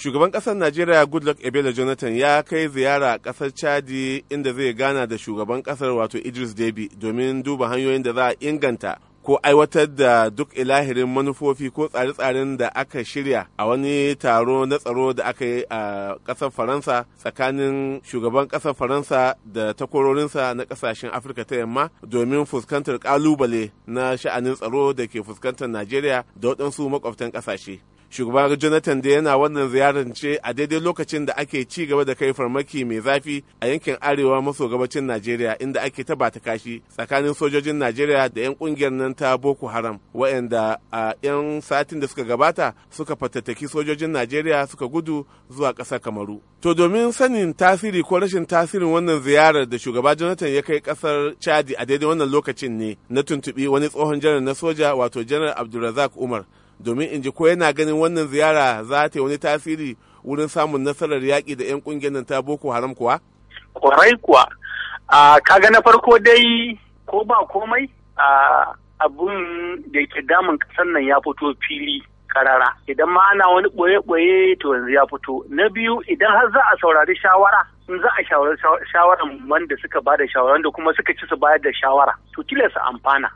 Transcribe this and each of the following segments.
shugaban ƙasar najeriya goodluck ebele jonathan ya kai ziyara ƙasar chadi inda zai gana da shugaban ƙasar wato idris debi domin duba hanyoyin da za a inganta ko aiwatar da duk ilahirin manufofi ko tsare-tsaren da aka shirya a wani taro na tsaro da aka yi a ƙasar faransa tsakanin shugaban ƙasar faransa da takwarorinsa na ƙasashen afirka ta yamma domin fuskantar ƙalubale na sha'anin tsaro da ke fuskantar najeriya da waɗansu makwabtan ƙasashe shugaba jonathan da yana wannan ziyarar ce a daidai lokacin da ake ci gaba da kai farmaki mai zafi a yankin arewa maso gabacin najeriya inda ake taba ta kashi tsakanin sojojin najeriya da 'yan kungiyar nan ta boko haram waɗanda a 'yan satin da suka gabata suka fatattaki sojojin najeriya suka gudu zuwa ƙasar kamaru to domin sanin tasiri ko rashin tasirin wannan ziyarar da shugaba jonathan ya kai ƙasar chadi a daidai wannan lokacin ne na tuntuɓi wani tsohon janar na soja wato janar abdulrazak umar domin in ji ko yana ganin wannan ziyara za ta yi wani tasiri wurin samun nasarar yaƙi da 'yan ƙungiyar nan ta boko haram kuwa? Ƙwarai kuwa na farko dai ko ba komai abun da ke damun ƙasar nan ya fito fili karara idan ma ana wani ɓoye-ɓoye to yanzu ya fito na biyu idan har za a saurari shawara in za a shawarar shawaran wanda suka ba da shawara wanda kuma suka ci su bayar da shawara to tilasta amfana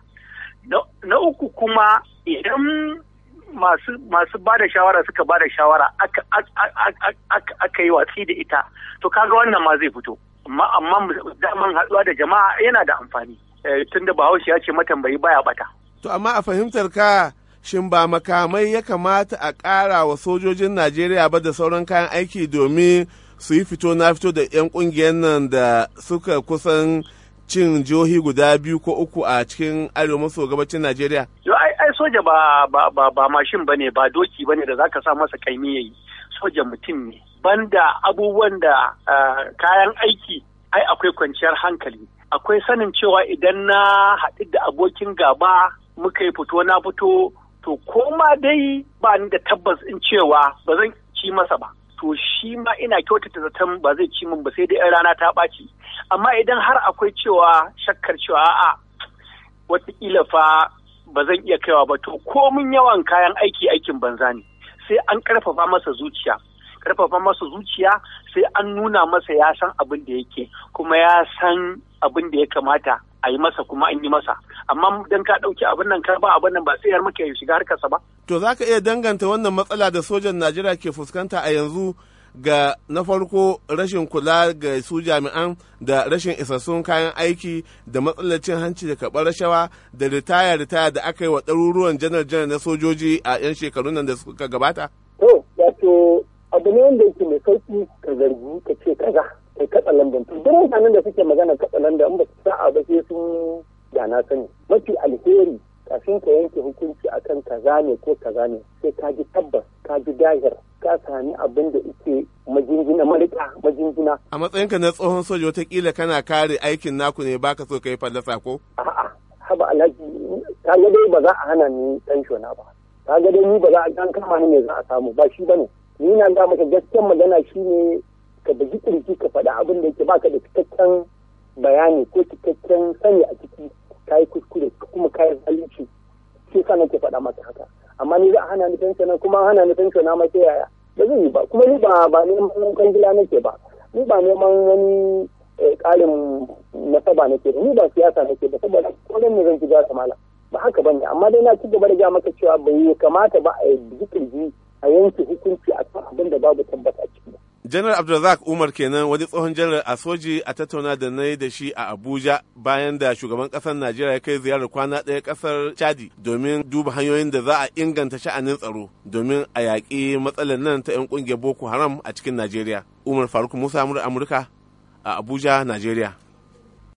na uku kuma idan masu masu ba da shawara suka ba da shawara aka yi watsi da ita to kaga wannan ma zai fito amma daman haɗuwa da jama'a yana da amfani eh, tunda bahaushe ya ce matambayi baya bata to amma a fahimtar ka shin ba makamai ya kamata a ƙara wa sojojin najeriya ba da sauran kayan aiki domin su yi fito na fito da 'yan ƙungiyar nan da suka kusan cin jihohi guda biyu ko uku a cikin arewa maso gabacin najeriya soja ba ba ba, ba mashin bane ba doki bane da za ka sa masa kaimi yi soja mutum ne banda abubuwan da kayan aiki ai akwai kwanciyar hankali akwai sanin cewa idan na haɗu da abokin gaba muka yi fito na fito to koma dai ba ni da tabbas in cewa ba zan ci masa ba to shi ma ina kyautata zaton ba zai ci min ba sai dai rana ta ɓaci amma idan har akwai cewa shakkar cewa a'a kila fa ba zan iya kaiwa ba to komin yawan kayan aiki aikin banza ne sai an karfafa masa zuciya karfafa masa zuciya sai an nuna masa ya san abin da yake kuma ya san abin da ya kamata a yi masa kuma an yi masa amma dan ka ɗauki abin nan karba abin nan ba sai yar maka ya shiga harkarsa ba to zaka iya danganta wannan matsala da sojan Najeriya ke fuskanta a yanzu ga na farko rashin kula ga su jami'an da rashin isassun kayan aiki da matsalar cin hanci da karɓar rashawa da ritaya ritaya da aka yi wa ɗaruruwan janar janar na sojoji a 'yan shekarun nan da suka gabata? To, wato abu ne wanda yake mai sauki ka zargi ka ce kaza kai katsa lamban to duk mutanen da suke magana katsa lamban ba su sa'a ba sai sun da na sani mafi alheri kafin ka yanke hukunci akan kaza ne ko kaza ne sai ka ji tabbas ka ji dahir ka sami abin da ike majingina malika majinjina a matsayinka na tsohon soja watakila kana kare aikin naku ne baka so ka yi fallasa ko a'a haba alhaji ka ga dai ba za a hana ni shona ba ka ga dai ni ba za a kan kama ni ne za a samu ba shi bane ni na ga maka gaskiyar magana shine ka bugi kirki ka faɗi abin da yake baka da cikakken bayani ko cikakken sani a ciki yasa nake faɗa maka haka amma ni za a hana ni fenshona kuma hana ni fenshona ma yaya ba zai yi ba kuma ni ba ba neman kwangila nake ba ni ba neman wani eh, ƙarin nasaba nake ba ni ba siyasa nake ba saboda kodan ne zan ci gasa malam ba haka ba ne amma dai na ci gaba da ja maka cewa bai kamata ba a yi a yanke hukunci a kan abin da babu tabbata a ciki janar abdulrazak umar kenan wani tsohon janar a soji a tattauna da na yi da shi a abuja bayan da shugaban kasar najeriya ya kai ziyarar kwana ɗaya kasar chadi domin duba hanyoyin da za a inganta sha'anin tsaro domin a yaƙi matsalar nan ta 'yan ƙungiyar boko haram a cikin najeriya umar faruk musa amurka a abuja najeriya